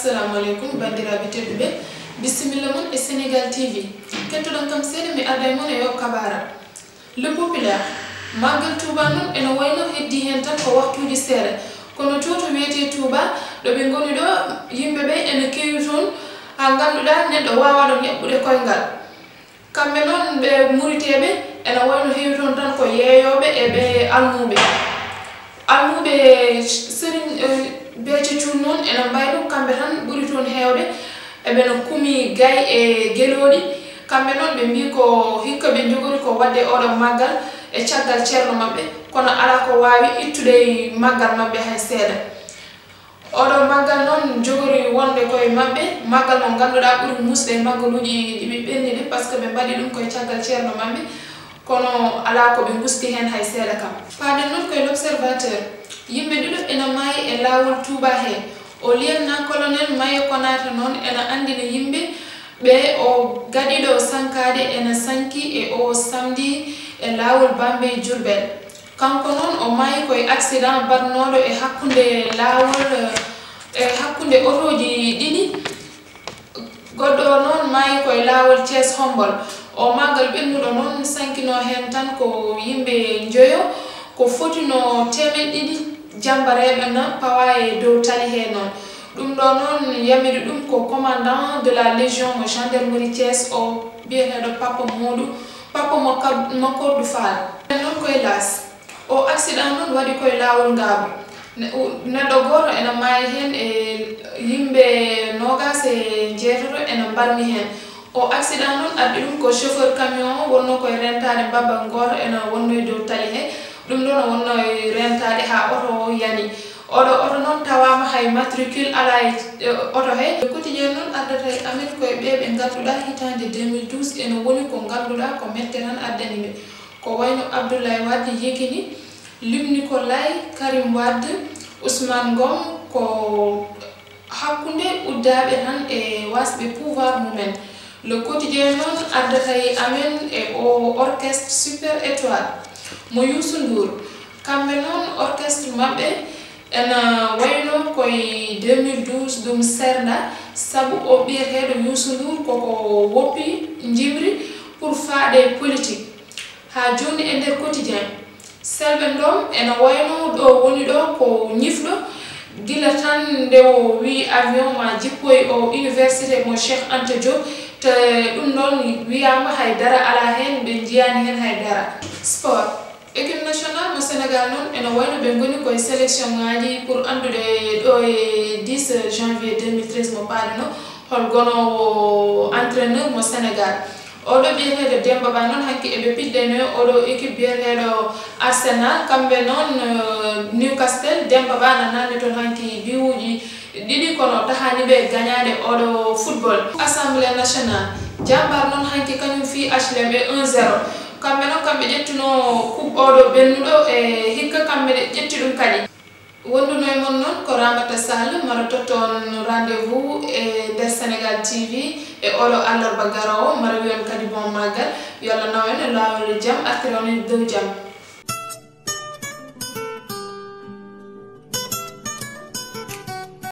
assalamu aleykum bandiraɓe tedduɓe bisimilla moon e sénégal tv kettoɗon kam seeɗa mi arday moon e yo kabara le populaire magal touba noon ene wayno heddi hen tan ko waktuji seeɗa kono to to wiyete touba ɗoɓe goni ɗo yimɓeɓe ene kewi toon ha ganduɗa neɗɗo wawaɗon yaɓɓuɗe koyngal kamɓe noon ɓe muriteɓe ene wayno hewi toon tan ko yeeyoɓe e ɓe almuɓe almuɓe serigne eh, beeje cun noon ene mbaylo kamɓe tan ɓuri toon heewde eɓene kumi gay e gelooɗi kamɓe noon ɓe mbi ko hikka ɓe jogori ko waɗde oɗo maggal e caggal ceerno maɓɓe kono ala ko waawi ittude maggal maɓɓe hay seeɗa oɗo maggal noon jogori wonde koye maɓɓe maggal mo ngannduɗaa ɓuri musɗe maggaluuji ɗiɓe ɓenndi ɗe par ce que ɓe mbaɗi ɗum koye caggal ceerno maɓɓe kono ala ko ɓe gusti heen hay seeɗa kam paaɗen noon koye l' observateur yimɓe ɗiɗo ena maayi e laawol tuuba hee o liyanna colonel maye konata noon ena anndina yimɓe ɓe o gaɗiɗo sankaade ena sanki e o samdi e laawol bambe jurbel kanko noon o maayi koye accident batnooɗo e hakkunde laawol e hakkunde otoji ɗiɗi goɗɗo noon maayi koye laawol thies hombol o magal ɓennuɗo noon sankino hen tan ko yimɓe joyo ko fotino temen ɗiɗi jamba reɓe noon pawa e dow tali he noon ɗum ɗo noon yamiri ɗum ko commandant de la légion gendarmerie thies o biyeteɗo papa muɗum papa makkordu faala noon koye las o accident noon waɗi koye lawol ngaaba neɗɗo goto ene mayi hen e yimɓe nogas e jeetoto ene mbarmi hen o accident ɗum addi ɗum ko chauffeur camion wonno koye rentade babal goto ene wonno e dow tali he ɗum ɗo no wonno e rentade ha oto yani oɗo oto noon tawama hay matricule ala e, e oto he e quotidien noon addata amin koye ɓeɓe ngalduɗa hitande 2012 ene woni ko ngalduɗa ko mette tan addani ɓe ko wayno abdoulaye wadde yegini limnicolay karim wadde ousmane gom ko hakkude uddaɓe tan e wasɓe pouvoir mumen le quotidien noon addatay amen e o orchestre super étoile mo yusundour kamɓe noon orchestre maɓɓe ena wayno koye 2012 ɗum serda saabu o ɓiyeteɗo yusundour koko woppi jibri pour faaɗe politique ha joni e nder quotidien selɓe ɗom ena wayno ɗo woni ɗo ko ñifɗo gila tan nde o wi avion ma jippoye o université mo cheikh anta diop te ɗum noon wiyama haydara ala hen ɓe jiyani hen haydara sport équipe national mo sénégal noon ene wayno ɓe goni koye sélection ngaji pour andude ɗo e 10 janvier 2013 mo paari no hol gonowo entraîneur mo sénégal oɗo biyeteɗo demba ba noon hakki eɓe piddeno oɗo équipe biyeteɗo arsenal kamɓe noon newcastel demba ba nanani toon hanki biwuji ndiɗi kono tahani ɓe gagnade oɗo football assemblé national jambar noon hanki kañum fi hlm e 1 0 kamɓe noon kamɓe ƴettuno coupe oɗo bennuɗo e hikka kamɓe ƴetti ɗum kadi wonduno e mon noon ko ramata sall mara totton rendez vous e nder sénégal tv e oɗo allarba garowo mara wiyon kadi bon maggal yo allah nawen lawol jaam artire on e dow jaam